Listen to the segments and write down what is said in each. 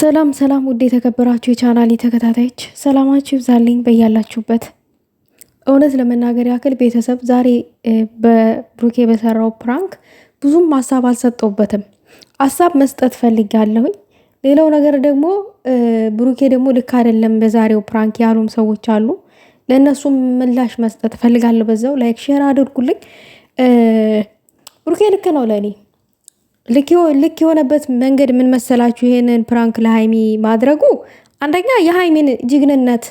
ሰላም ሰላም፣ ውድ የተከበራችሁ የቻናል ተከታታዮች ሰላማችሁ ይብዛልኝ በያላችሁበት። እውነት ለመናገር ያክል ቤተሰብ ዛሬ በብሩኬ በሰራው ፕራንክ ብዙም ሀሳብ አልሰጠውበትም። ሀሳብ መስጠት ፈልጋለሁኝ። ሌላው ነገር ደግሞ ብሩኬ ደግሞ ልክ አይደለም በዛሬው ፕራንክ ያሉም ሰዎች አሉ። ለእነሱም ምላሽ መስጠት ፈልጋለሁ። በዛው ላይክ ሼር አድርጉልኝ። ብሩኬ ልክ ነው ለእኔ ልክ የሆነበት መንገድ ምን መሰላችሁ? ይሄንን ፕራንክ ለሀይሚ ማድረጉ አንደኛ የሀይሚን ጅግንነት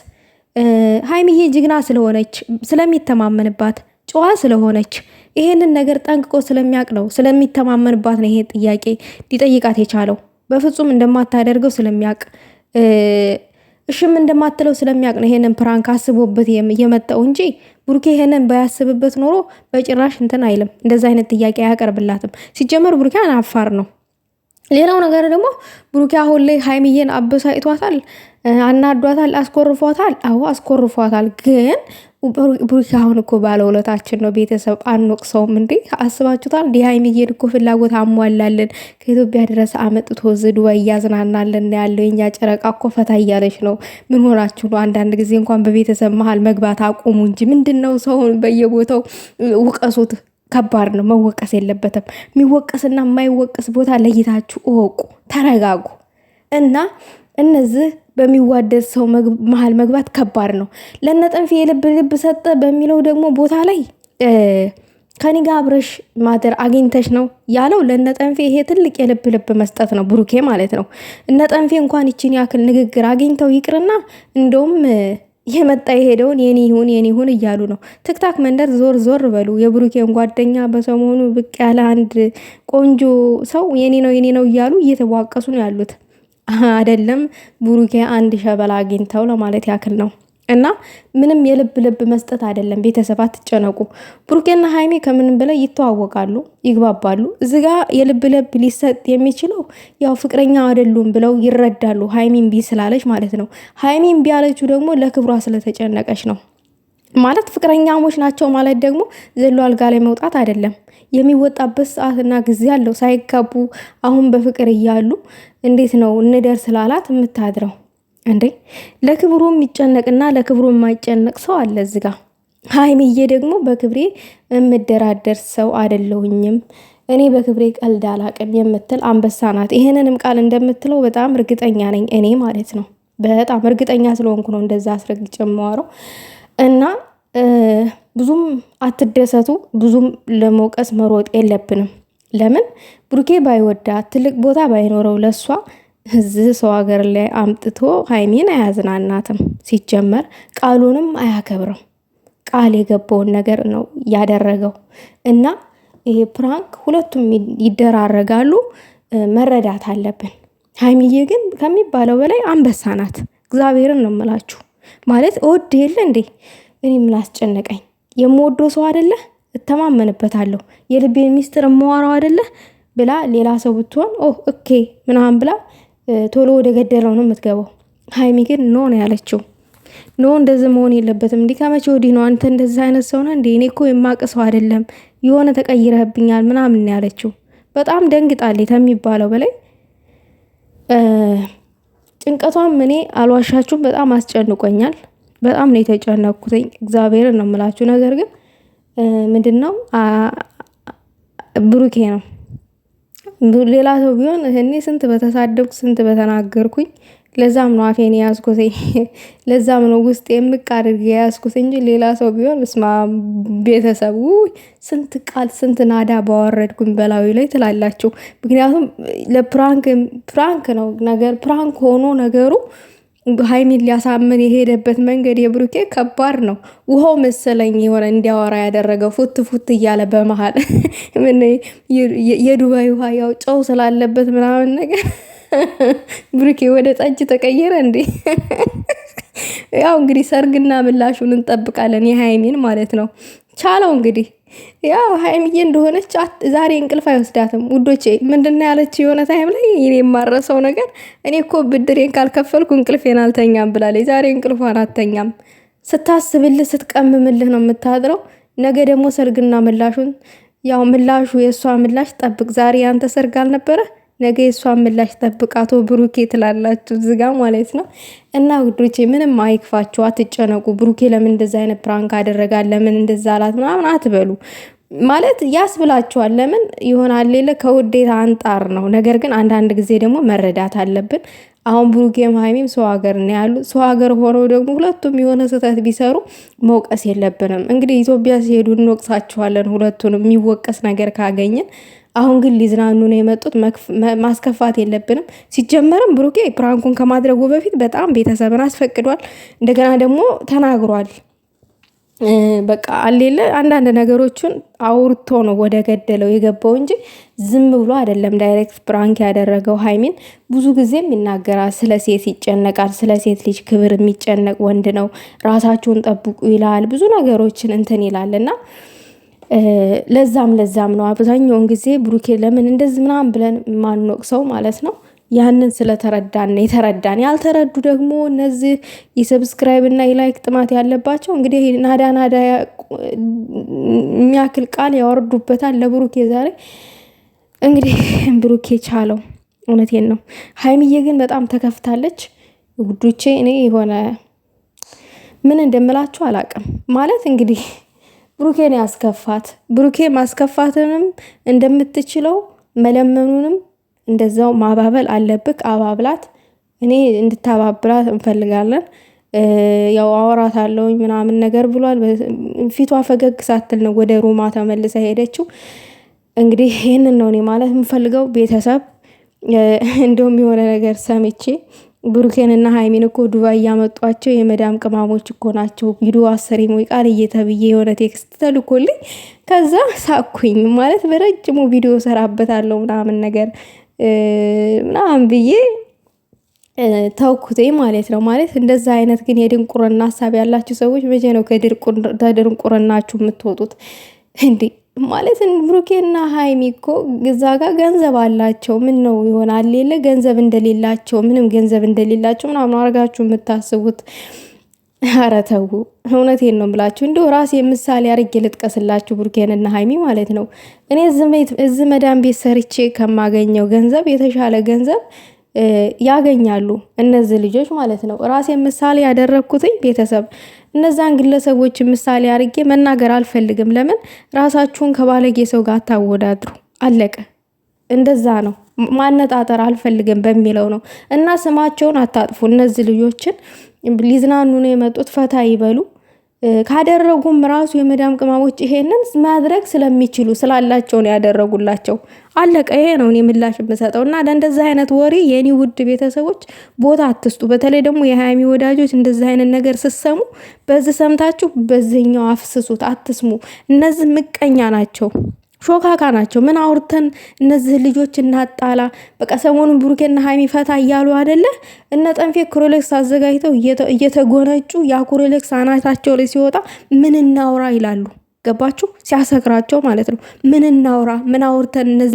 ሀይሚዬ ጅግና ስለሆነች ስለሚተማመንባት ጨዋ ስለሆነች ይሄንን ነገር ጠንቅቆ ስለሚያውቅ ነው፣ ስለሚተማመንባት ነው ይሄ ጥያቄ ሊጠይቃት የቻለው። በፍጹም እንደማታደርገው ስለሚያውቅ እሽም እንደማትለው ስለሚያቅ ነው ይሄንን ፕራንክ አስቦበት የመጣው እንጂ ቡርኬ ይሄንን ባያስብበት ኖሮ በጭራሽ እንትን አይልም። እንደዚ አይነት ጥያቄ አያቀርብላትም። ሲጀመር ቡርኬ አናፋር ነው። ሌላው ነገር ደግሞ ብሩኬ አሁን ላይ ሀይሚዬን አበሳጭቷታል፣ አናዷታል፣ አስኮርፏታል። አዎ አስኮርፏታል ግን ብሩክ አሁን እኮ ባለውለታችን ነው። ቤተሰብ አንወቅሰውም እንዴ? አስባችሁታል? እንዲህ ሀይሚዬን እኮ ፍላጎት አሟላለን። ከኢትዮጵያ ድረስ አመጥቶ ዝ እያዝናናለን ያለው የኛ ጨረቃ እኮ ፈታ እያለች ነው። ምን ሆናችሁ ነው? አንዳንድ ጊዜ እንኳን በቤተሰብ መሀል መግባት አቁሙ እንጂ ምንድን ነው ሰውን በየቦታው ውቀሱት። ከባድ ነው። መወቀስ የለበትም። የሚወቀስና የማይወቀስ ቦታ ለይታችሁ እወቁ፣ ተረጋጉ እና እነዚህ በሚዋደድ ሰው መሀል መግባት ከባድ ነው። ለነጠንፌ የልብ ልብ ሰጠ በሚለው ደግሞ ቦታ ላይ ከኔ ጋር አብረሽ ማደር አግኝተሽ ነው ያለው ለነጠንፌ። ይሄ ትልቅ የልብ ልብ መስጠት ነው ብሩኬ ማለት ነው። እነጠንፌ እንኳን ይችን ያክል ንግግር አግኝተው ይቅርና እንደውም የመጣ የሄደውን የኔ ይሁን የኔ ይሁን እያሉ ነው። ትክታክ መንደር ዞር ዞር በሉ። የብሩኬን ጓደኛ በሰሞኑ ብቅ ያለ አንድ ቆንጆ ሰው የኔ ነው የኔ ነው እያሉ እየተቧቀሱ ነው ያሉት። አይደለም ብሩኬ አንድ ሸበላ አግኝተው ለማለት ያክል ነው። እና ምንም የልብ ልብ መስጠት አይደለም። ቤተሰብ አትጨነቁ። ብሩኬና ሀይሜ ከምንም በላይ ይተዋወቃሉ፣ ይግባባሉ። እዚጋ የልብ ልብ ሊሰጥ የሚችለው ያው ፍቅረኛ አይደሉም ብለው ይረዳሉ። ሀይሜ እምቢ ስላለች ማለት ነው። ሀይሜ እምቢ ያለችው ደግሞ ለክብሯ ስለተጨነቀች ነው። ማለት ፍቅረኛሞች ናቸው ማለት ደግሞ ዘሎ አልጋ ላይ መውጣት አይደለም። የሚወጣበት ሰዓትና ጊዜ አለው። ሳይጋቡ አሁን በፍቅር እያሉ እንዴት ነው እንደርስ ስላላት የምታድረው እንዴ? ለክብሩ የሚጨነቅና ለክብሩ የማይጨነቅ ሰው አለ እዚህ ጋር። ሀይሚዬ ደግሞ በክብሬ የምደራደር ሰው አይደለሁኝም እኔ በክብሬ ቀልድ አላቅም የምትል አንበሳ ናት። ይህንንም ቃል እንደምትለው በጣም እርግጠኛ ነኝ እኔ ማለት ነው። በጣም እርግጠኛ ስለሆንኩ ነው እንደዛ አስረግጬ የማወራው። እና ብዙም አትደሰቱ፣ ብዙም ለመውቀስ መሮጥ የለብንም። ለምን ብሩኬ ባይወዳት ትልቅ ቦታ ባይኖረው ለእሷ እዚህ ሰው ሀገር ላይ አምጥቶ ሀይሜን አያዝናናትም። ሲጀመር ቃሉንም አያከብርም። ቃል የገባውን ነገር ነው ያደረገው እና ይሄ ፕራንክ ሁለቱም ይደራረጋሉ። መረዳት አለብን። ሀይሚዬ ግን ከሚባለው በላይ አንበሳ ናት። እግዚአብሔርን ነው የምላችሁ። ማለት እወድ የለ እንዴ? እኔ ምን አስጨነቀኝ? የምወደው ሰው አደለ? እተማመንበታለሁ፣ የልቤን ሚስጥር የማዋራው አደለ? ብላ ሌላ ሰው ብትሆን ኦ ኦኬ ምናምን ብላ ቶሎ ወደ ገደለው ነው የምትገባው። ሀይሚ ግን ኖ ነው ያለችው። ኖ እንደዚህ መሆን የለበትም። እንዲህ ከመቼ ወዲህ ነው አንተ እንደዚህ አይነት ሰውነ ነህ እንዴ? እኔ እኮ የማቅ ሰው አይደለም፣ የሆነ ተቀይረህብኛል ምናምን ያለችው። በጣም ደንግጣሌ ከሚባለው በላይ ጭንቀቷም እኔ አልዋሻችሁም በጣም አስጨንቆኛል። በጣም ነው የተጨነኩትኝ እግዚአብሔርን ነው የምላችሁ። ነገር ግን ምንድን ነው ብሩኬ ነው ሌላ ሰው ቢሆን እኔ ስንት በተሳደብኩ ስንት በተናገርኩኝ ለዛም ነው አፌን የያዝኩት፣ ለዛም ነው ውስጥ የምቅ አድርጌ የያዝኩት እንጂ ሌላ ሰው ቢሆን እስማ ቤተሰቡ ስንት ቃል ስንት ናዳ ባወረድኩኝ በላዩ ላይ ትላላችሁ። ምክንያቱም ለፕራንክ ፕራንክ ነው ነገር ፕራንክ ሆኖ ነገሩ ሀይሚን ሊያሳምን የሄደበት መንገድ የብሩኬ ከባድ ነው። ውሃው መሰለኝ የሆነ እንዲያወራ ያደረገው ፉት ፉት እያለ በመሀል ምን የዱባይ ውሃ ያው ጨው ስላለበት ምናምን ነገር ብሩኬ ወደ ጠጅ ተቀየረ እንዴ? ያው እንግዲህ ሰርግና ምላሹን እንጠብቃለን። የሀይሚን ማለት ነው። ቻለው እንግዲህ ያው ሀይሚዬ እንደሆነች ዛሬ እንቅልፍ አይወስዳትም ውዶቼ። ምንድና ያለች የሆነ ታይም ላይ እኔ የማረሰው ነገር እኔ እኮ ብድሬን ካልከፈልኩ እንቅልፌን አልተኛም ብላለች። ዛሬ እንቅልፏን አተኛም። ስታስብልህ ስትቀምምልህ ነው የምታድረው። ነገ ደግሞ ሰርግና ምላሹን ያው ምላሹ የእሷ ምላሽ ጠብቅ። ዛሬ ያንተ ሰርግ አልነበረህ? ነገ የእሷን ምላሽ ጠብቃቶ ብሩኬ ትላላችሁ ዝጋ ማለት ነው። እና ውዶቼ ምንም አይክፋችሁ፣ አትጨነቁ። ብሩኬ ለምን እንደዛ አይነት ፕራንክ አደረጋል፣ ለምን እንደዛ አላት ምናምን አትበሉ ማለት ያስብላችኋል። ለምን ይሆናል ሌለ ከውዴታ አንጣር ነው። ነገር ግን አንዳንድ ጊዜ ደግሞ መረዳት አለብን። አሁን ብሩኬም ሀይሚም ሰው ሀገር ነው ያሉ። ሰው ሀገር ሆነው ደግሞ ሁለቱም የሆነ ስህተት ቢሰሩ መውቀስ የለብንም። እንግዲህ ኢትዮጵያ ሲሄዱ እንወቅሳችኋለን ሁለቱንም የሚወቀስ ነገር ካገኘን አሁን ግን ሊዝናኑ ነው የመጡት። ማስከፋት የለብንም። ሲጀመርም ብሩኬ ፕራንኩን ከማድረጉ በፊት በጣም ቤተሰብን አስፈቅዷል። እንደገና ደግሞ ተናግሯል። በቃ አሌለ አንዳንድ ነገሮችን አውርቶ ነው ወደ ገደለው የገባው እንጂ ዝም ብሎ አይደለም። ዳይሬክት ፕራንክ ያደረገው ሀይሚን ብዙ ጊዜም ይናገራል። ስለ ሴት ይጨነቃል። ስለ ሴት ልጅ ክብር የሚጨነቅ ወንድ ነው። ራሳችሁን ጠብቁ ይላል። ብዙ ነገሮችን እንትን ይላል እና ለዛም ለዛም ነው አብዛኛውን ጊዜ ብሩኬ ለምን እንደዚህ ምናምን ብለን ሰው ማለት ነው። ያንን ስለተረዳን የተረዳን ያልተረዱ ደግሞ እነዚህ የሰብስክራይብ እና የላይክ ጥማት ያለባቸው እንግዲህ ናዳ ናዳ የሚያክል ቃል ያወርዱበታል ለብሩኬ ዛሬ እንግዲህ ብሩኬ ቻለው። እውነቴን ነው። ሀይሚዬ ግን በጣም ተከፍታለች። ውዶቼ እኔ የሆነ ምን እንደምላችሁ አላቅም ማለት እንግዲህ ብሩኬን ያስከፋት ብሩኬ ማስከፋትንም እንደምትችለው መለመኑንም እንደዛው ማባበል አለብክ። አባብላት። እኔ እንድታባብላት እንፈልጋለን። ያው አወራት አለውኝ ምናምን ነገር ብሏል። ፊቷ ፈገግ ሳትል ነው ወደ ሩማ ተመልሳ ሄደችው። እንግዲህ ይህንን ነው እኔ ማለት የምፈልገው ቤተሰብ። እንደውም የሆነ ነገር ሰምቼ ብሩኬንና ሀይሚን እኮ ዱባይ እያመጧቸው የመዳም ቅማሞች እኮ ናቸው። ቪዲዮ አሰሪ ሞይ ቃል እየተብዬ የሆነ ቴክስት ተልኮልኝ ከዛ ሳኩኝ ማለት በረጅሙ ቪዲዮ ሰራበታለሁ ምናምን ነገር ምናምን ብዬ ተውኩቴ ማለት ነው። ማለት እንደዛ አይነት ግን የድንቁርና ሀሳብ ያላችሁ ሰዎች መቼ ነው ከድንቁርናችሁ የምትወጡት እንዴ? ማለት ብሩኬና ሀይሚ እኮ እዛ ጋር ገንዘብ አላቸው። ምን ነው ይሆናል ሌለ ገንዘብ እንደሌላቸው ምንም ገንዘብ እንደሌላቸው ምናምን አርጋችሁ የምታስቡት ኧረ ተው። እውነቴን ነው ብላችሁ እንዲሁ ራሴ ምሳሌ አርጌ ልጥቀስላችሁ ብሩኬንና ሀይሚ ማለት ነው። እኔ እዚ መዳን ቤት ሰርቼ ከማገኘው ገንዘብ የተሻለ ገንዘብ ያገኛሉ እነዚህ ልጆች ማለት ነው። ራሴ ምሳሌ ያደረግኩትኝ ቤተሰብ እነዛን ግለሰቦች ምሳሌ አርጌ መናገር አልፈልግም። ለምን ራሳችሁን ከባለጌ ሰው ጋር አታወዳድሩ። አለቀ። እንደዛ ነው። ማነጣጠር አልፈልግም በሚለው ነው። እና ስማቸውን አታጥፉ። እነዚህ ልጆችን ሊዝናኑ ነው የመጡት። ፈታ ይበሉ። ካደረጉም ራሱ የመዳም ቅማሞች ይሄንን ማድረግ ስለሚችሉ ስላላቸው ነው ያደረጉላቸው። አለቀ። ይሄ ነው እኔ ምላሽ የምሰጠው። እና ለእንደዚህ አይነት ወሬ የኔ ውድ ቤተሰቦች ቦታ አትስጡ። በተለይ ደግሞ የሀያሚ ወዳጆች እንደዚህ አይነት ነገር ስሰሙ በዚህ ሰምታችሁ በዚህኛው አፍስሱት፣ አትስሙ። እነዚህ ምቀኛ ናቸው። ሾካካ ናቸው። ምን አውርተን እነዚህ ልጆች እናጣላ። በቃ ሰሞኑን ብሩኬና ሀይሚ ፈታ እያሉ አደለ? እነ ጠንፌ ኩሮሌክስ አዘጋጅተው እየተጎነጩ ያ ኩሮሌክስ አናታቸው ላይ ሲወጣ ምን እናውራ ይላሉ። ገባችሁ? ሲያሰክራቸው ማለት ነው። ምን እናውራ? ምን አውርተን